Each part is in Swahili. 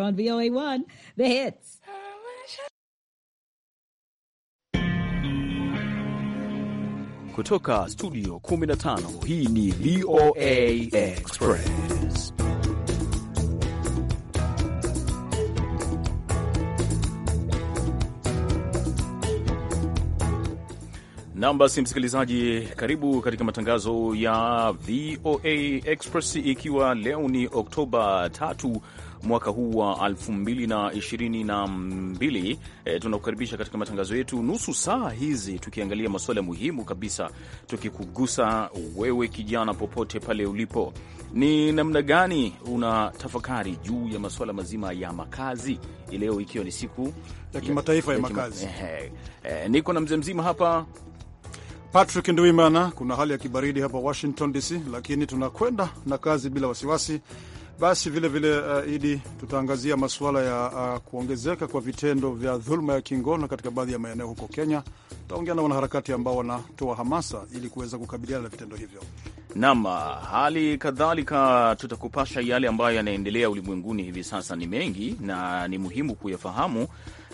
on VOA1 The Hits. Kutoka studio 15 hii ni VOA Express. Nam, basi msikilizaji, karibu katika matangazo ya VOA Express, ikiwa leo ni Oktoba tatu mwaka huu wa 2022. E, tunakukaribisha katika matangazo yetu nusu saa hizi tukiangalia masuala muhimu kabisa, tukikugusa wewe kijana, popote pale ulipo. Ni namna gani una tafakari juu ya masuala mazima ya makazi leo, ikiwa ni siku ya kimataifa ya, ya makazi. E, e, niko na mzee mzima hapa Patrick Nduimana. Kuna hali ya kibaridi hapa Washington DC, lakini tunakwenda na kazi bila wasiwasi basi vilevile vile, uh, Idi, tutaangazia masuala ya uh, kuongezeka kwa vitendo vya dhuluma ya kingono katika baadhi ya maeneo huko Kenya. Tutaongea na wanaharakati ambao wanatoa hamasa ili kuweza kukabiliana na vitendo hivyo. Naam, uh, hali kadhalika tutakupasha yale ambayo yanaendelea ulimwenguni hivi sasa. Ni mengi na ni muhimu kuyafahamu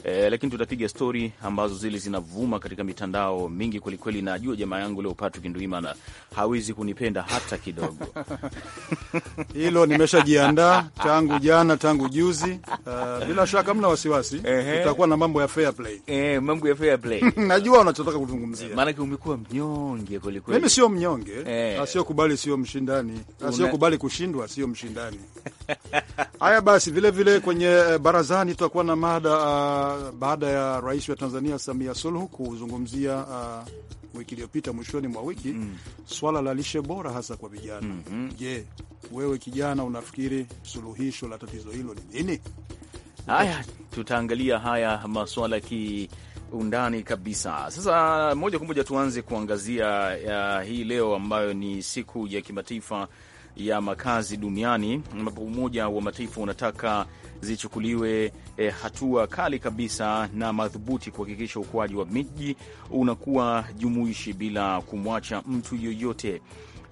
E, lakini tutapiga stori ambazo zile zinavuma katika mitandao mingi kwelikweli. Najua jamaa yangu leo Patrick Nduimana hawezi kunipenda hata kidogo hilo nimeshajiandaa tangu jana, tangu juzi. Uh, bila shaka mna wasiwasi, tutakuwa na mambo ya fair play. Eh, mambo ya fair play najua unachotaka kuzungumzia, maanake umekuwa mnyonge kwelikweli. Mimi sio mnyonge, eh. asiyokubali ah, sio mshindani, asiyokubali ah, kushindwa sio mshindani. Haya basi, vilevile vile kwenye barazani tutakuwa na mada uh, baada ya rais wa Tanzania Samia Suluhu kuzungumzia uh, wiki iliyopita mwishoni mwa wiki mm. swala la lishe bora hasa kwa vijana mm -hmm. Je, wewe kijana unafikiri suluhisho la tatizo hilo ni nini? Haya, tutaangalia haya maswala kiundani kabisa. Sasa moja kwa moja tuanze kuangazia uh, hii leo ambayo ni siku ya kimataifa ya makazi duniani ambapo Umoja wa Mataifa unataka zichukuliwe e, hatua kali kabisa na madhubuti kuhakikisha ukuaji wa miji unakuwa jumuishi bila kumwacha mtu yoyote.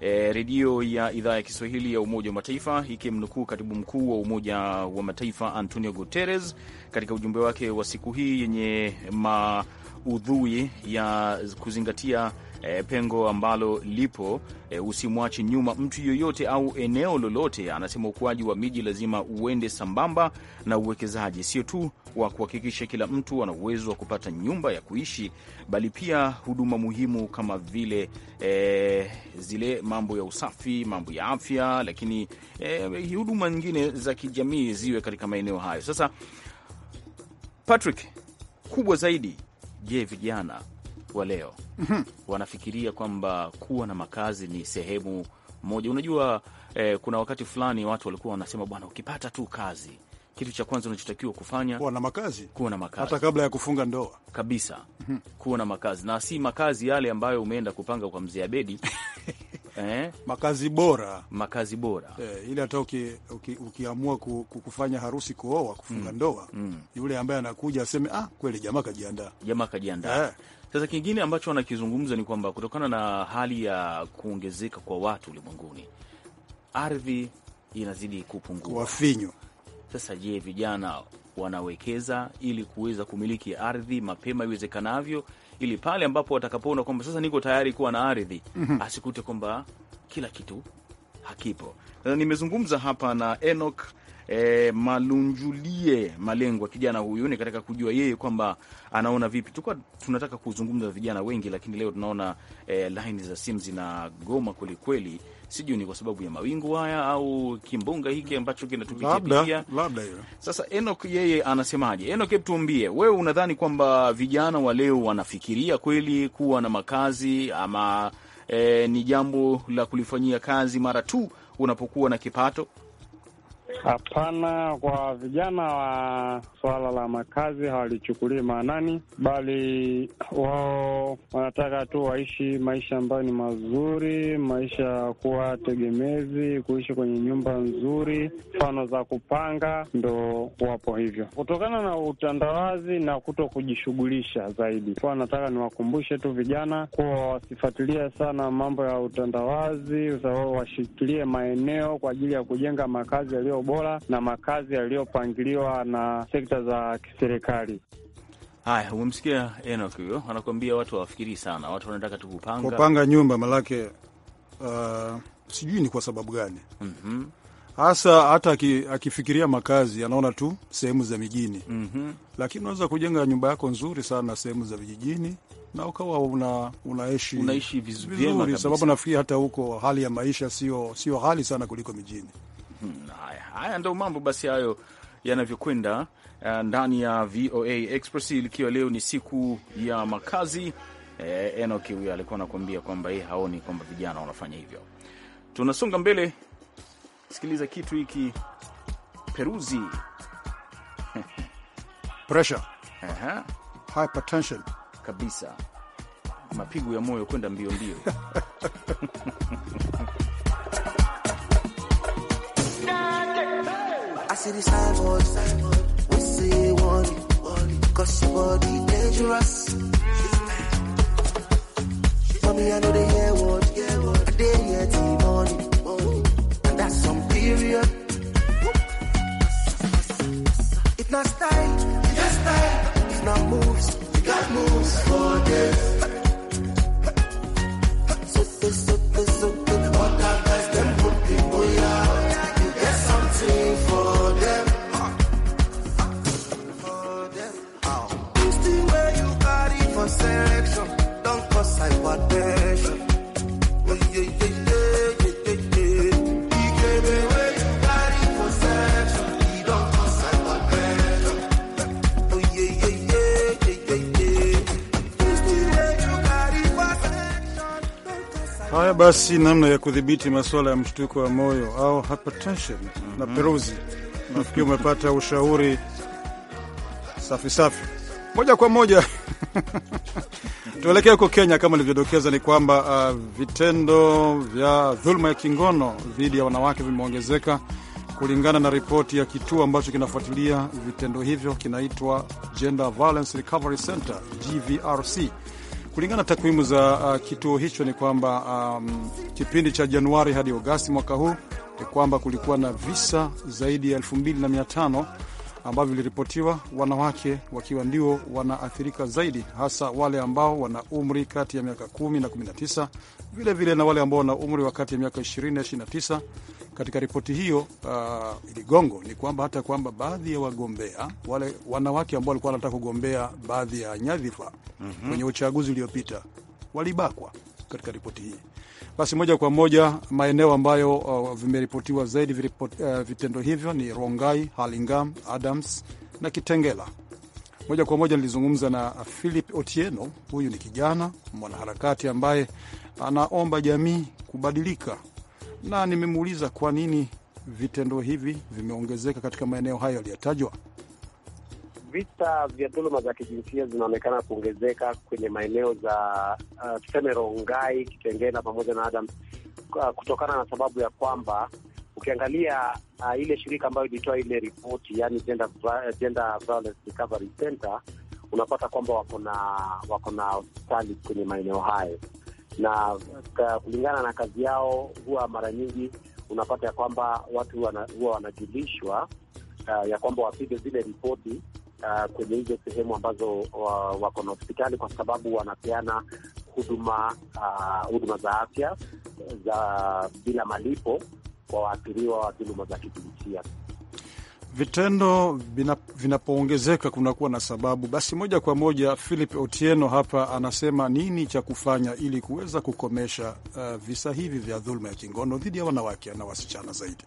E, redio ya idhaa ya Kiswahili ya Umoja wa Mataifa ikimnukuu katibu mkuu wa Umoja wa Mataifa Antonio Guterres katika ujumbe wake wa siku hii yenye maudhui ya kuzingatia e, pengo ambalo lipo e, usimwache nyuma mtu yoyote au eneo lolote. Anasema ukuaji wa miji lazima uende sambamba na uwekezaji, sio tu wa kuhakikisha kila mtu ana uwezo wa kupata nyumba ya kuishi, bali pia huduma muhimu kama vile e, zile mambo ya usafi, mambo ya afya, lakini e, huduma nyingine za kijamii ziwe katika maeneo hayo. Sasa Patrick, kubwa zaidi, je, vijana wa leo mm -hmm. wanafikiria kwamba kuwa na makazi ni sehemu moja. Unajua eh, kuna wakati fulani watu walikuwa wanasema bwana, ukipata tu kazi kitu cha kwanza unachotakiwa kufanya kuwa na makazi, kuwa na makazi hata kabla ya kufunga ndoa kabisa. mm -hmm. Kuwa na makazi na si makazi yale ambayo umeenda kupanga kwa mzee Abedi eh? makazi bora, makazi bora eh, ile hata uki, uki, ukiamua kufanya harusi, kuoa, kufunga mm. ndoa mm. yule ambaye anakuja aseme ah, kweli jamaa kajiandaa, jamaa kajiandaa eh. Sasa kingine ambacho wanakizungumza ni kwamba kutokana na hali ya kuongezeka kwa watu ulimwenguni, ardhi inazidi kupungua wafinyo. Sasa je, vijana wanawekeza ili kuweza kumiliki ardhi mapema iwezekanavyo, ili pale ambapo watakapoona kwamba sasa niko tayari kuwa na ardhi mm -hmm. asikute kwamba kila kitu hakipo. Nimezungumza hapa na Enoch e, malunjulie malengo ya kijana huyu. Ni katika kujua yeye kwamba anaona vipi. Tulikuwa tunataka kuzungumza vijana wengi, lakini leo tunaona e, laini za simu zinagoma kwelikweli. Sijui ni kwa sababu ya mawingu haya au kimbunga hiki ambacho kinatupitia. Sasa Enok yeye anasemaje? Enok, hebu tuambie wewe, unadhani kwamba vijana wa leo wanafikiria kweli kuwa na makazi ama e, ni jambo la kulifanyia kazi mara tu unapokuwa na kipato? Hapana, kwa vijana wa swala la makazi hawalichukulii maanani, bali wao wanataka tu waishi maisha ambayo ni mazuri, maisha ya kuwa tegemezi, kuishi kwenye nyumba nzuri, mfano za kupanga, ndo wapo hivyo kutokana na utandawazi na kuto kujishughulisha zaidi. Kwa nataka niwakumbushe tu vijana kuwa wasifuatilie sana mambo ya utandawazi, washikilie maeneo kwa ajili ya kujenga makazi yaliyo maendeleo bora na makazi yaliyopangiliwa na sekta za kiserikali. Haya, umemsikia Enoch huyo anakuambia watu hawafikirii sana, watu wanataka tu kupanga kupanga nyumba malake. Uh, sijui ni kwa sababu gani mhm. hasa mm -hmm. Hata akifikiria makazi anaona tu sehemu za mijini mm -hmm. Lakini unaweza kujenga nyumba yako nzuri sana sehemu za vijijini na ukawa una, unaishi, unaishi vizuri, sababu nafikiri hata huko hali ya maisha sio sio hali sana kuliko mijini. Hmm, haya haya ndo mambo basi hayo yanavyokwenda eh, ndani ya VOA Express, ikiwa leo ni siku ya makazi. E, eh, Enoch huyo alikuwa anakuambia kwamba yeye haoni kwamba vijana wanafanya hivyo. Tunasonga mbele, sikiliza kitu hiki Peruzi. Pressure. Hypertension. Kabisa, mapigo ya moyo kwenda mbio mbio see the signboard. We say warning, cause your body dangerous. Mommy, I know they hear what, I they hear basi namna ya kudhibiti masuala ya mshtuko wa moyo au hypertension mm -hmm. na mhm. peruzi mhm. nafikiri umepata ushauri safi safi. Moja kwa moja tuelekee huko Kenya. Kama ilivyodokeza ni kwamba uh, vitendo vya dhuluma ya kingono dhidi ya wanawake vimeongezeka kulingana na ripoti ya kituo ambacho kinafuatilia vitendo hivyo, kinaitwa Gender Violence Recovery Center GVRC. Kulingana na takwimu za uh, kituo hicho ni kwamba um, kipindi cha Januari hadi Agosti mwaka huu ni kwamba kulikuwa na visa zaidi ya 25 ambavyo viliripotiwa, wanawake wakiwa ndio wanaathirika zaidi, hasa wale ambao wana umri kati ya miaka 10 na 19, vilevile na wale ambao wana umri wa kati ya miaka 20 na 29 katika ripoti hiyo uh, iligongo ni kwamba hata kwamba baadhi ya wagombea wale wanawake ambao walikuwa wanataka kugombea baadhi ya nyadhifa mm -hmm. kwenye uchaguzi uliopita walibakwa katika ripoti hii. Basi moja kwa moja maeneo ambayo uh, vimeripotiwa zaidi viripot, uh, vitendo hivyo ni Rongai, Halingam, Adams na Kitengela. Moja kwa moja nilizungumza na Philip Otieno. Huyu ni kijana mwanaharakati ambaye anaomba jamii kubadilika na nimemuuliza kwa nini vitendo hivi vimeongezeka katika maeneo hayo yaliyotajwa. Vita vya dhuluma za kijinsia zinaonekana kuongezeka kwenye maeneo za uh, tuseme Rongai, Kitengela pamoja na Adam uh, kutokana na sababu ya kwamba ukiangalia uh, ile shirika ambayo ilitoa ile ripoti yani Gender, Gender Violence Recovery Center unapata kwamba wako na wako na hospitali kwenye maeneo hayo na kulingana na kazi yao, huwa mara nyingi unapata ya kwamba watu wana, huwa wanajulishwa uh, ya kwamba wapige zile ripoti uh, kwenye hizo sehemu ambazo uh, wako na hospitali, kwa sababu wanapeana huduma uh, huduma za afya za bila malipo kwa waathiriwa wa dhuluma za kijinsia vitendo vinapoongezeka kunakuwa na sababu. Basi moja kwa moja, Philip Otieno hapa anasema nini cha kufanya ili kuweza kukomesha uh, visa hivi vya dhuluma ya kingono dhidi ya wanawake na wasichana zaidi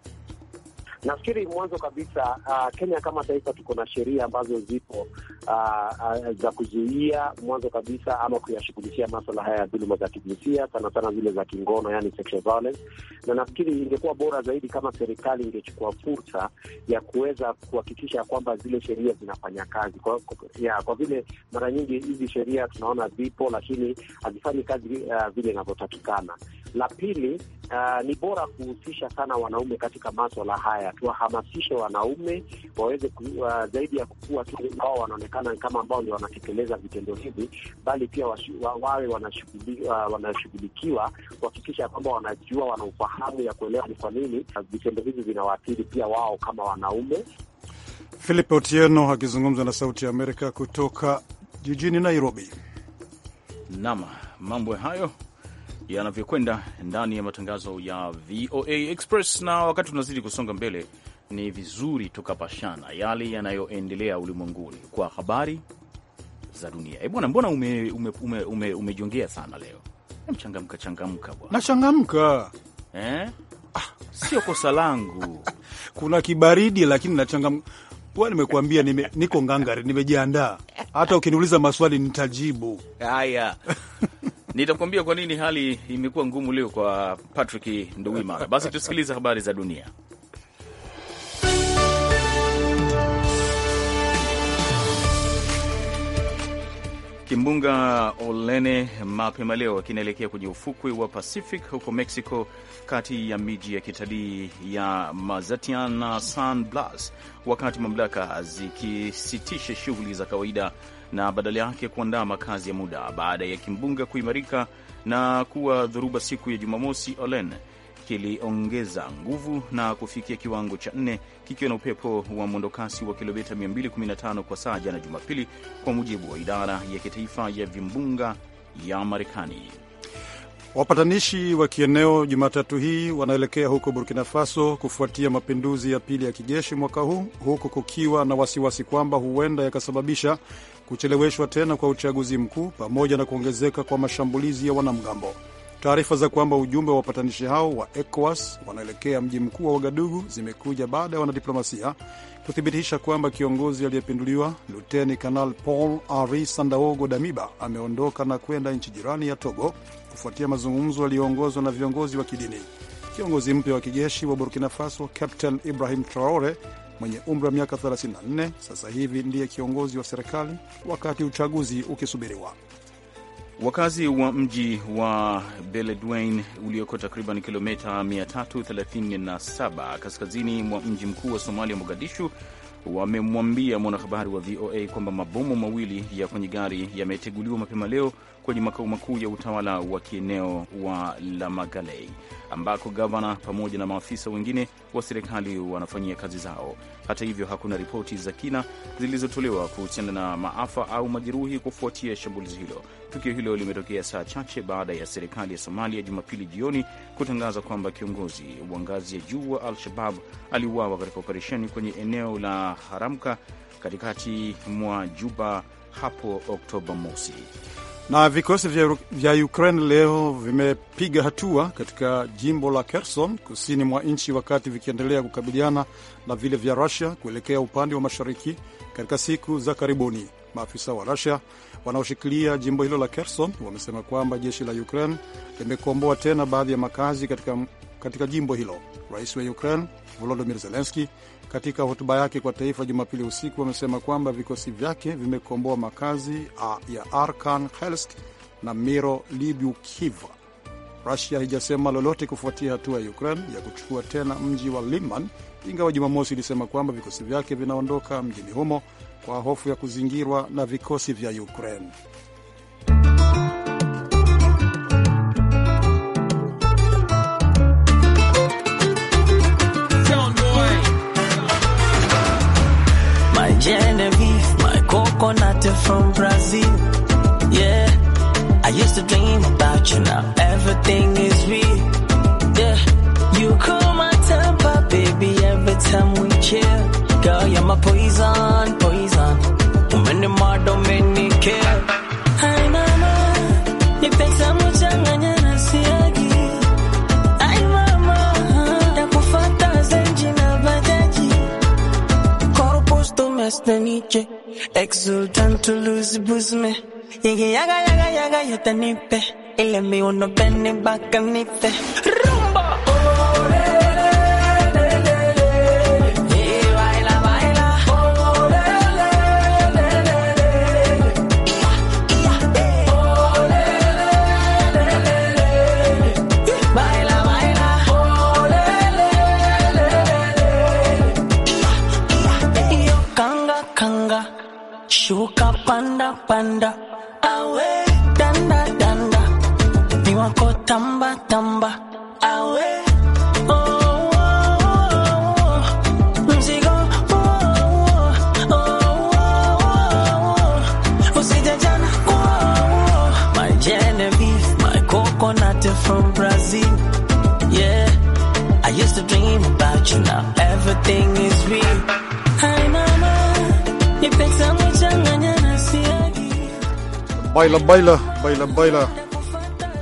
Nafikiri mwanzo kabisa, uh, Kenya kama taifa tuko na sheria ambazo zipo uh, uh, za kuzuia mwanzo kabisa ama kuyashughulikia maswala haya ya dhuluma za kijinsia, sana sana zile za kingono, yani sexual violence, na nafikiri ingekuwa bora zaidi kama serikali ingechukua fursa ya kuweza kuhakikisha kwamba zile sheria zinafanya kazi kwa, ya, kwa vile mara nyingi hizi sheria tunaona zipo, lakini hazifanyi kazi uh, vile inavyotakikana. La pili, uh, ni bora kuhusisha sana wanaume katika maswala haya. Tuwahamasishe wanaume waweze uh, zaidi ya kukua tu ambao wanaonekana kama ambao ndio wanatekeleza vitendo hivi, bali pia wawe wanashughulikiwa uh, kuhakikisha kwamba wanajua, wana ufahamu ya kuelewa ni kwa nini vitendo hivi vinawaathiri pia wao kama wanaume. Philip Otieno akizungumza na Sauti ya Amerika kutoka jijini Nairobi. Naam, mambo hayo yanavyokwenda ndani ya matangazo ya VOA Express. Na wakati tunazidi kusonga mbele, ni vizuri tukapashana yale yanayoendelea ulimwenguni kwa habari za dunia. E bwana, mbona umejongea ume, ume, ume, ume sana leo? Mchangamka changamka bwana, nachangamka eh? Ah, sio kosa langu kuna kibaridi lakini nachangamka wa nimekuambia nime, niko ngangari, nimejiandaa. Hata ukiniuliza maswali nitajibu haya. nitakuambia kwa nini hali imekuwa ngumu leo kwa Patrick Nduwimana. Basi tusikilize habari za dunia. Kimbunga Olene mapema leo kinaelekea kwenye ufukwe wa Pacific huko Mexico, kati ya miji ya kitalii ya Mazatian na San Blas, wakati mamlaka zikisitisha shughuli za kawaida na badala yake kuandaa makazi ya muda baada ya kimbunga kuimarika na kuwa dhoruba siku ya Jumamosi. Olen kiliongeza nguvu na kufikia kiwango cha nne kikiwa na upepo wa mwendokasi wa kilomita 215 kwa saa jana Jumapili, kwa mujibu wa idara ya kitaifa ya vimbunga ya Marekani. Wapatanishi wa kieneo Jumatatu hii wanaelekea huko Burkina Faso kufuatia mapinduzi ya pili ya kijeshi mwaka huu, huku kukiwa na wasiwasi kwamba huenda yakasababisha kucheleweshwa tena kwa uchaguzi mkuu pamoja na kuongezeka kwa mashambulizi ya wanamgambo. Taarifa za kwamba ujumbe wa wapatanishi hao wa ECOWAS wanaelekea mji mkuu wa Wagadugu zimekuja baada ya wanadiplomasia kuthibitisha kwamba kiongozi aliyepinduliwa Luteni Kanal Paul Henri Sandaogo Damiba ameondoka na kwenda nchi jirani ya Togo kufuatia mazungumzo yaliyoongozwa na viongozi wa kidini. Kiongozi mpya wa kijeshi wa Burkina Faso Captain Ibrahim Traore mwenye umri wa miaka 34 sasa hivi ndiye kiongozi wa serikali wakati uchaguzi ukisubiriwa. Wakazi wa mji wa Beledweyne ulioko takriban kilomita 337 kaskazini mwa mji mkuu wa Somalia, Mogadishu, wamemwambia mwanahabari wa VOA kwamba mabomu mawili ya kwenye gari yameteguliwa mapema leo kwenye makao makuu ya utawala wa kieneo wa Lamagalei, ambako gavana pamoja na maafisa wengine wa serikali wanafanyia kazi zao. Hata hivyo, hakuna ripoti za kina zilizotolewa kuhusiana na maafa au majeruhi kufuatia shambulizi hilo. Tukio hilo limetokea saa chache baada ya serikali ya Somalia Jumapili jioni kutangaza kwamba kiongozi wa ngazi ya juu wa Al-Shabab aliuawa katika operesheni kwenye eneo la Haramka katikati mwa Juba hapo Oktoba mosi. Na vikosi vya, vya Ukraine leo vimepiga hatua katika jimbo la Kherson kusini mwa nchi wakati vikiendelea kukabiliana na vile vya Rusia kuelekea upande wa mashariki katika siku za karibuni. Maafisa wa rusia wanaoshikilia jimbo hilo la Kherson wamesema kwamba jeshi la Ukraine limekomboa tena baadhi ya makazi katika, katika jimbo hilo. Rais wa Ukraine Volodymyr Zelensky katika hotuba yake kwa taifa Jumapili usiku, amesema kwamba vikosi vyake vimekomboa makazi ya Arkan Helsk na Miro libukiva Rusia haijasema lolote kufuatia hatua ya Ukraine ya kuchukua tena mji wa Liman, ingawa Jumamosi ilisema kwamba vikosi vyake vinaondoka mjini humo kwa hofu ya kuzingirwa na vikosi vya Ukraine. coconut from Brazil. Yeah, I used to dream about you. Now everything is real. Yeah, you call my temper, baby. Every time we chill, girl, you're my poison, poison. Many more don't to lose, ya me. yaga yaga yaga, ni pe. nipe. le mi uno beni ni panda panda awe danda danda ni wako tamba tamba awe From Brazil, yeah. I used to dream about you, now everything is real. baila baila baila baila,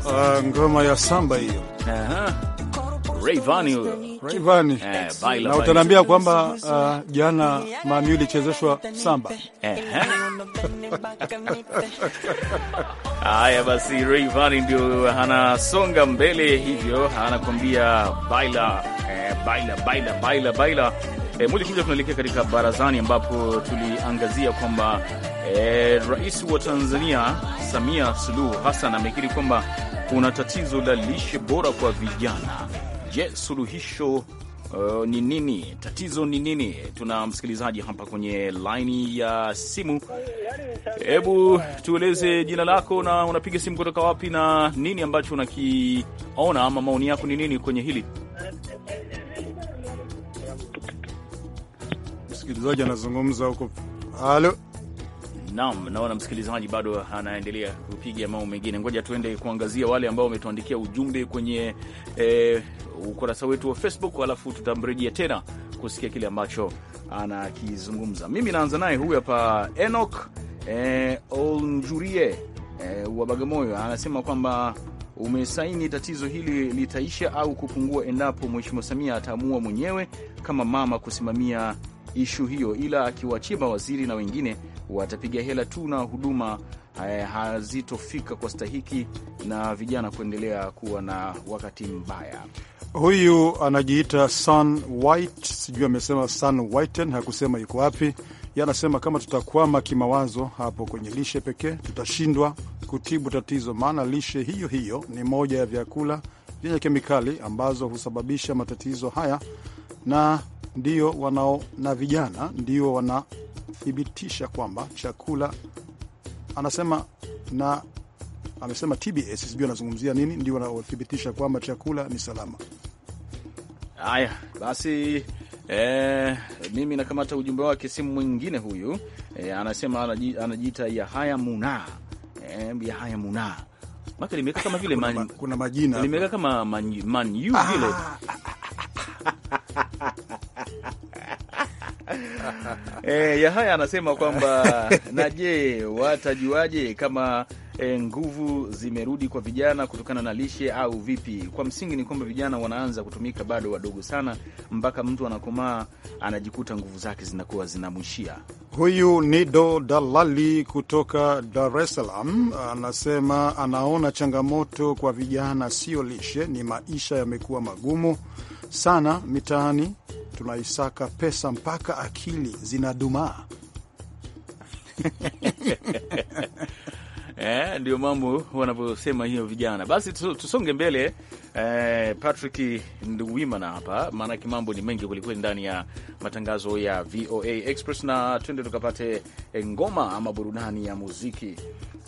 uh, ngoma ya samba hiyo. Aha, Rayvanny eh, na utaniambia kwamba uh, jana mami ilichezeshwa samba. Haya basi, Rayvanny ndio anasonga mbele hivyo, anakwambia baila eh, baila baila baila baila. E, moja kwa moja tunaelekea katika barazani ambapo tuliangazia kwamba E, Rais wa Tanzania Samia Suluhu Hassan amekiri kwamba kuna tatizo la lishe bora kwa vijana. Je, suluhisho eh, ni nini? Tatizo ni nini? Tuna msikilizaji hapa kwenye laini ya simu. Hebu tueleze jina lako na unapiga simu kutoka wapi na nini ambacho unakiona ama maoni yako ni nini kwenye hili? Msikilizaji anazungumza huko. Halo. Naam, naona msikilizaji bado anaendelea kupiga mao mengine. Ngoja tuende kuangazia wale ambao wametuandikia ujumbe kwenye eh, ukurasa wetu wa Facebook, alafu tutamrejea tena kusikia kile ambacho anakizungumza. Mimi naanza naye huyu hapa Enoch eh, Olnjurie eh, wa Bagamoyo anasema kwamba umesaini tatizo hili litaisha au kupungua endapo Mheshimiwa Samia ataamua mwenyewe kama mama kusimamia ishu hiyo, ila akiwachia mawaziri na wengine watapiga hela tu na huduma eh, hazitofika kwa stahiki na vijana kuendelea kuwa na wakati mbaya. Huyu anajiita Sun White, sijui amesema Sun Whiten, hakusema yuko wapi. Ye anasema kama tutakwama kimawazo hapo kwenye lishe pekee, tutashindwa kutibu tatizo, maana lishe hiyo hiyo ni moja ya vyakula vyenye kemikali ambazo husababisha matatizo haya, na ndio wanao na vijana ndio wana kuthibitisha kwamba chakula anasema na amesema TBS, sijui anazungumzia nini, ndio wanaothibitisha kwamba chakula ni salama. Haya basi, eh, mimi nakamata ujumbe wake. Simu mwingine huyu eh, anasema anajiita Yahaya Muna eh, Yahaya Muna maka limeka kama vile man, kuna majina limeka kama man, man, man, ah, vile E, eh, Yahaya anasema kwamba na je, watajuaje kama e, nguvu zimerudi kwa vijana kutokana na lishe au vipi? Kwa msingi ni kwamba vijana wanaanza kutumika bado wadogo sana, mpaka mtu anakomaa anajikuta nguvu zake zinakuwa zinamwishia. Huyu Nido Dalali kutoka Dar es Salaam anasema anaona changamoto kwa vijana sio lishe, ni maisha yamekuwa magumu sana mitaani tunaisaka pesa mpaka akili zinadumaa. Eh, ndio mambo wanavyosema hiyo vijana. Basi tusonge mbele. Eh, Patrick Nduwimana hapa, maanake mambo ni mengi kwelikweli ndani ya matangazo ya VOA Express, na twende tukapate eh, ngoma ama burudani ya muziki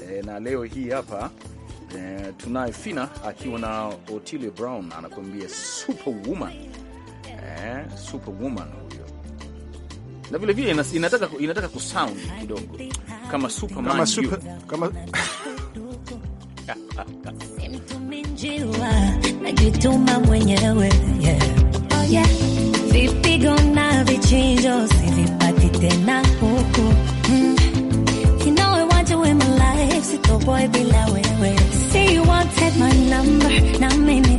eh, na leo hii hapa eh, tunaye Fina akiwa na Otile Brown anakuambia Superwoman eh, superwoman huyo, na vile vile inataka inataka kusound kidogo kama superman kama super, kama najituma mwenyewe vipigo na vichinjo sivipati tena huku bila wewe, you wanted my number na mimi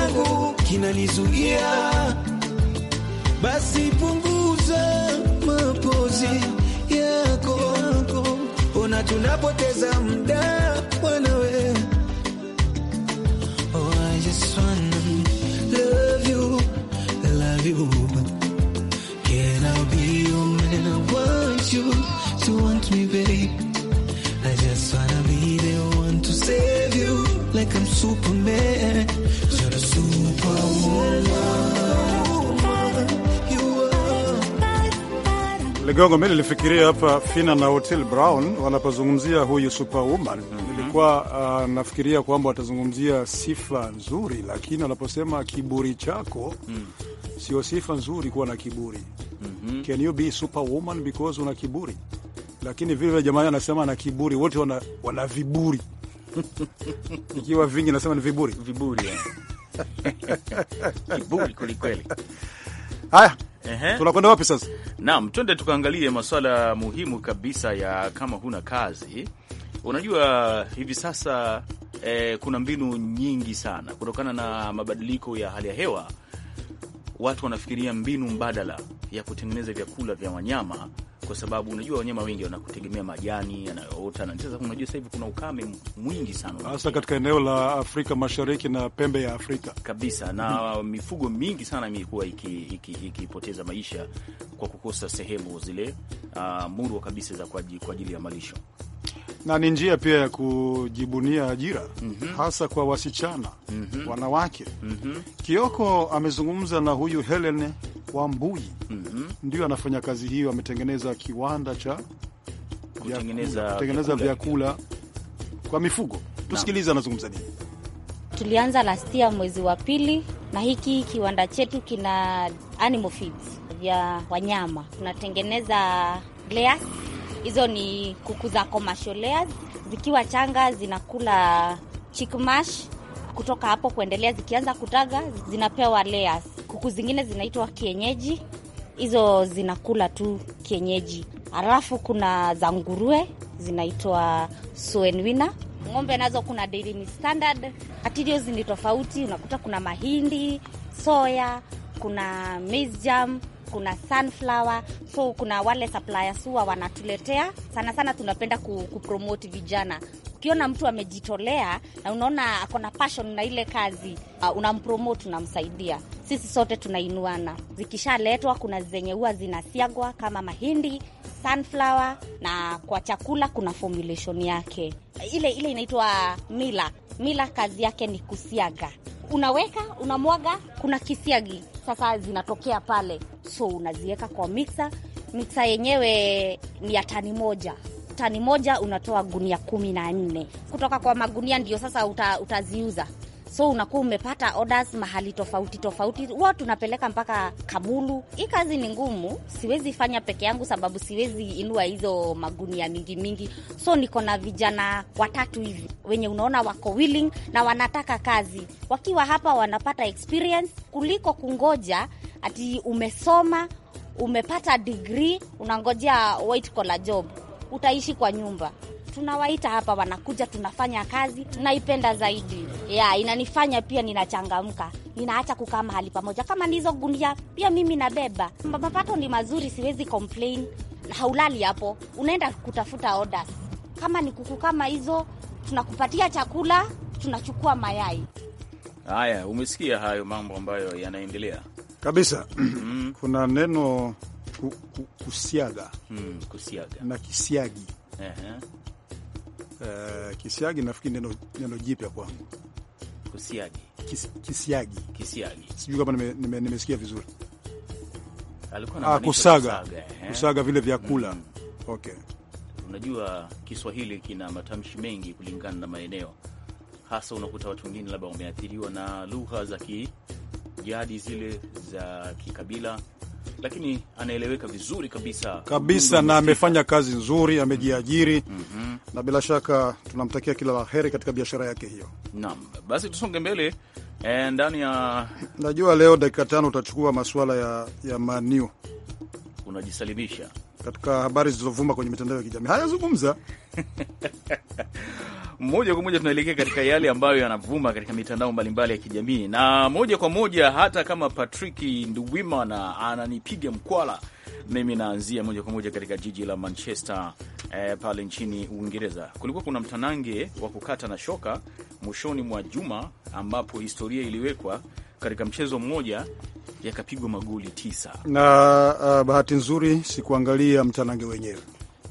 changu kinanizuia, basi punguza mapozi yako. Ona tunapoteza muda wanawe. Oh, Superman. Ligongo, mi nilifikiria hapa Fina na Hotel Brown wanapozungumzia huyu superwoman mm -hmm. Nilikuwa uh, nafikiria kwamba watazungumzia sifa nzuri, lakini wanaposema kiburi chako mm. sio sifa nzuri kuwa na kiburi mm -hmm. Can you be superwoman because una kiburi? Lakini vile vile jamani, anasema na kiburi wote wana, wana viburi ikiwa vingi, nasema ni viburi viburi, eh. kiburi Haya. Tunakwenda wapi sasa? Naam, twende tukaangalie masuala muhimu kabisa ya kama huna kazi. Unajua hivi sasa eh, kuna mbinu nyingi sana kutokana na mabadiliko ya hali ya hewa. Watu wanafikiria mbinu mbadala ya kutengeneza vyakula vya wanyama kwa sababu unajua wanyama wengi wanakutegemea majani yanayoota, na sasa unajua sasa hivi kuna ukame mwingi sana, hasa katika eneo la Afrika Mashariki na pembe ya Afrika kabisa, na mifugo mingi sana imekuwa ikipoteza iki, iki maisha kwa kukosa sehemu zile uh, murwa kabisa za kwa ajili ya malisho na ni njia pia ya kujibunia ajira mm -hmm. hasa kwa wasichana mm -hmm. wanawake mm -hmm. Kioko amezungumza na huyu Helen Wambui mm -hmm. ndio anafanya kazi hiyo, ametengeneza kiwanda cha kutengeneza vyakula kwa mifugo. Tusikilize anazungumza nini. Tulianza last year mwezi wa pili, na hiki kiwanda chetu kina animal feeds vya wanyama, tunatengeneza glass Hizo ni kuku za commercial layers. Zikiwa changa zinakula chick mash, kutoka hapo kuendelea, zikianza kutaga zinapewa layers. Kuku zingine zinaitwa kienyeji, hizo zinakula tu kienyeji. Halafu kuna za nguruwe zinaitwa swenwina. Ng'ombe nazo kuna dairy ni standard. Materials ni tofauti, unakuta kuna mahindi, soya, kuna maize kuna sunflower, so kuna wale suppliers huwa wanatuletea sana sana. Tunapenda kupromote vijana. Ukiona mtu amejitolea na unaona ako na passion na ile kazi, uh, unampromote, unamsaidia. Sisi sote tunainuana. Zikishaletwa kuna zenye huwa zinasiagwa kama mahindi, sunflower, na kwa chakula kuna formulation yake ile ile inaitwa mila. Mila kazi yake ni kusiaga, unaweka unamwaga, kuna kisiagi sasa zinatokea pale so unaziweka kwa miksa. Miksa yenyewe ni ya tani moja tani moja unatoa gunia kumi na nne kutoka kwa magunia, ndio sasa uta, utaziuza so unakuwa umepata orders mahali tofauti tofauti, huwa tunapeleka mpaka Kabulu. Hii kazi ni ngumu, siwezi fanya peke yangu sababu siwezi inua hizo magunia mingi mingi, so niko na vijana watatu hivi wenye unaona wako willing na wanataka kazi. Wakiwa hapa wanapata experience kuliko kungoja ati umesoma umepata degree unangojea white collar job, utaishi kwa nyumba tunawaita hapa, wanakuja, tunafanya kazi. Naipenda zaidi ya inanifanya pia ninachangamka, ninaacha kukaa mahali pamoja. Kama nizo gunia pia mimi nabeba. Mapato ni mazuri, siwezi complain. Haulali hapo, unaenda kutafuta orders. Kama ni kuku kama hizo, tunakupatia chakula, tunachukua mayai. Haya, umesikia hayo mambo ambayo yanaendelea kabisa. Mm-hmm. Kuna neno ku, ku, kusiaga. Hmm, kusiaga na kisiagi. uh -huh. Eh, kisiagi nafikiri neno, neno jipya kwangu kusiagi Kis, kisiagi kisiagi, sijui kama nimesikia nime, vizuri. Alikuwa ah, kusaga eh? kusaga vile vyakula mm. Okay, unajua Kiswahili kina matamshi mengi kulingana na maeneo hasa. Unakuta watu wengine labda wameathiriwa na lugha za kijadi zile za kikabila lakini anaeleweka vizuri kabisa kabisa, na amefanya kazi nzuri, amejiajiri mm -hmm. na bila shaka tunamtakia kila la heri katika biashara yake hiyo. Naam, basi tusonge mbele eh, ndani ya najua leo dakika tano utachukua masuala ya, ya maniu unajisalimisha katika habari zilizovuma kwenye mitandao ya kijamii. hayazungumza moja kwa moja. Tunaelekea katika yale ambayo yanavuma katika mitandao mbalimbali ya kijamii, na moja kwa moja, hata kama Patrick Nduwimana ananipiga mkwala, mimi naanzia moja kwa moja katika jiji la Manchester eh, pale nchini Uingereza. Kulikuwa kuna mtanange wa kukata na shoka mwishoni mwa juma ambapo historia iliwekwa katika mchezo mmoja yakapigwa magoli tisa na uh, bahati nzuri sikuangalia mtanange wenyewe.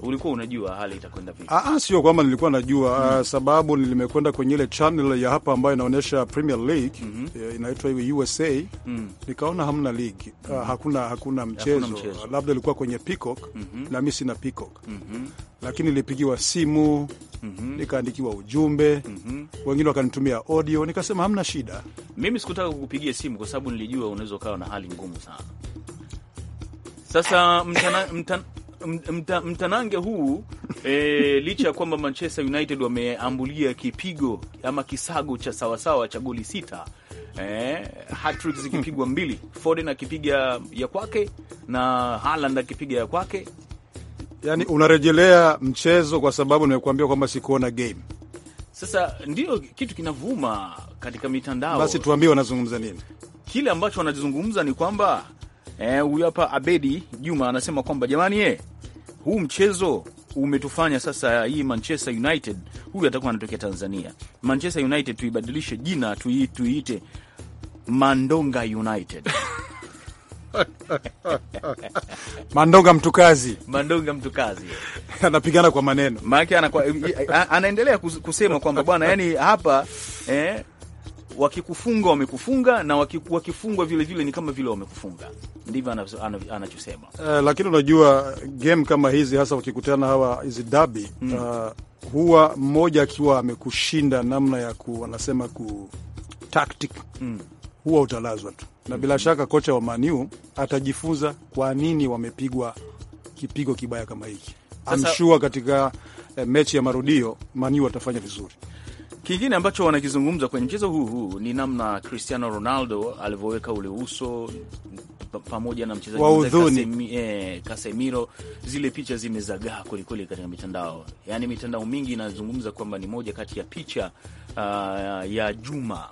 Ulikuwa unajua hali itakwenda vipi? Ah, ah sio kwamba nilikuwa najua mm -hmm. Sababu nilimekwenda kwenye ile channel ya hapa ambayo inaonyesha Premier League mm -hmm. inaitwa hiyo USA mm -hmm. nikaona hamna league mm -hmm. hakuna, hakuna mchezo, mchezo. Labda ilikuwa kwenye Peacock mm -hmm. na mimi sina Peacock mm -hmm. lakini nilipigiwa simu mm -hmm. nikaandikiwa ujumbe mm -hmm. wengine wakanitumia audio, nikasema hamna shida mimi sikutaka kukupigia simu kwa sababu nilijua unaweza ukawa na hali ngumu sana. Sasa mtana, mtana, mta, mtanange huu e, licha ya kwamba Manchester United wameambulia kipigo ama kisago cha sawasawa cha goli sita e, eh, hattrick zikipigwa mbili, Foden akipiga ya kwake na Haaland akipiga ya kwake. Yani unarejelea mchezo kwa sababu nimekuambia kwamba sikuona game sasa ndio kitu kinavuma katika mitandao. Basi tuambie wanazungumza nini? Kile ambacho wanazungumza ni kwamba eh, huyu hapa Abedi Juma anasema kwamba jamani, eh, huu mchezo umetufanya sasa hii Manchester United, huyu atakuwa anatokea Tanzania. Manchester United tuibadilishe jina tuiite Mandonga United Mandonga mtukazi, Mandonga mtukazi anapigana kwa maneno maanake eh, eh, anaendelea kusema kwamba bwana, yani hapa eh, wakikufunga wamekufunga, na wakifungwa vile vile ni kama vile wamekufunga. Ndivyo anachosema. Uh, lakini unajua game kama hizi hasa wakikutana hawa hizi dabi mm. uh, ah, huwa mmoja akiwa amekushinda namna ya ku, anasema ku tactic mm. huwa utalazwa tu na bila mm -hmm. shaka kocha wa Maniu atajifunza kwa nini wamepigwa kipigo kibaya kama hiki amshua katika eh, mechi ya marudio Mani watafanya vizuri. Kingine ambacho wanakizungumza kwenye mchezo huu huu ni namna Cristiano Ronaldo alivyoweka ule uso pamoja na mchezaji eh, Casemiro, zile picha zimezagaa kwelikweli katika mitandao. Yaani mitandao mingi inazungumza kwamba ni moja kati ya picha uh, ya juma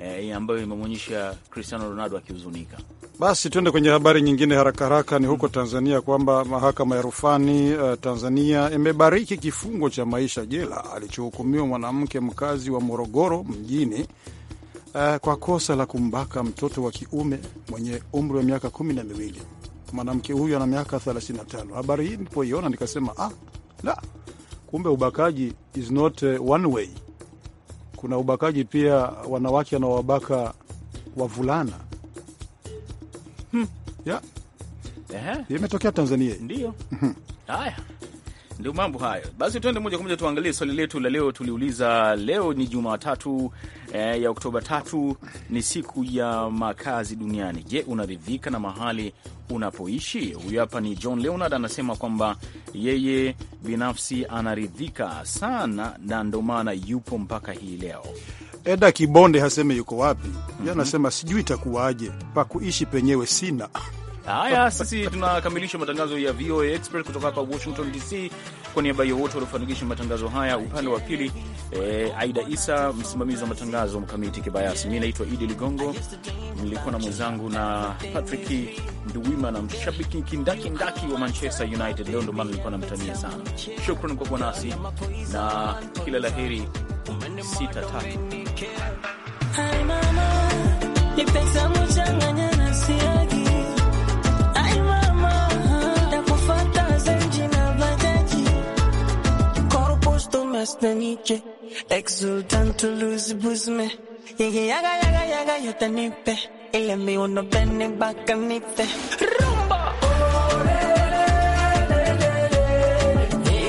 eh, ambayo imemwonyesha Cristiano Ronaldo akihuzunika. Basi tuende kwenye habari nyingine haraka haraka. Ni huko Tanzania kwamba mahakama ya rufani uh, Tanzania imebariki kifungo cha maisha jela alichohukumiwa mwanamke mkazi wa Morogoro mjini uh, kwa kosa la kumbaka mtoto wa kiume mwenye umri wa miaka kumi na miwili. Mwanamke huyu ana miaka 35. Habari hii nilipoiona nikasema ah, la, kumbe ubakaji is not eh, one way. Kuna ubakaji pia, wanawake anawabaka wavulana hmm. yeah. Imetokea Tanzania. Ndio. Haya. Ndio mambo hayo. Basi tuende moja kwa moja tuangalie swali letu la leo. Tuliuliza leo ni Jumatatu eh, ya Oktoba tatu, ni siku ya makazi duniani. Je, unaridhika na mahali unapoishi? Huyu hapa ni John Leonard anasema kwamba yeye binafsi anaridhika sana na ndo maana yupo mpaka hii leo. Eda Kibonde haseme yuko wapi, mm -hmm. Anasema sijui itakuwaje, pakuishi penyewe sina Haya, sisi tunakamilisha matangazo ya VOA Express kutoka hapa Washington DC. Kwa niaba ya wote waliofanikisha matangazo haya, upande wa pili eh, Aida Isa, msimamizi wa matangazo Mkamiti Kibayasi, mi naitwa Idi Ligongo, nilikuwa na mwenzangu na Patrick Nduwima na mshabiki kindakindaki wa Manchester United leo, ndo maana nilikuwa namtania sana. Shukran kwa kuwa nasi na kila la heri sita tatu más de niche. Exultante luz buzme. Yigi yaga yaga yaga yo te nipe. Y le mío no ven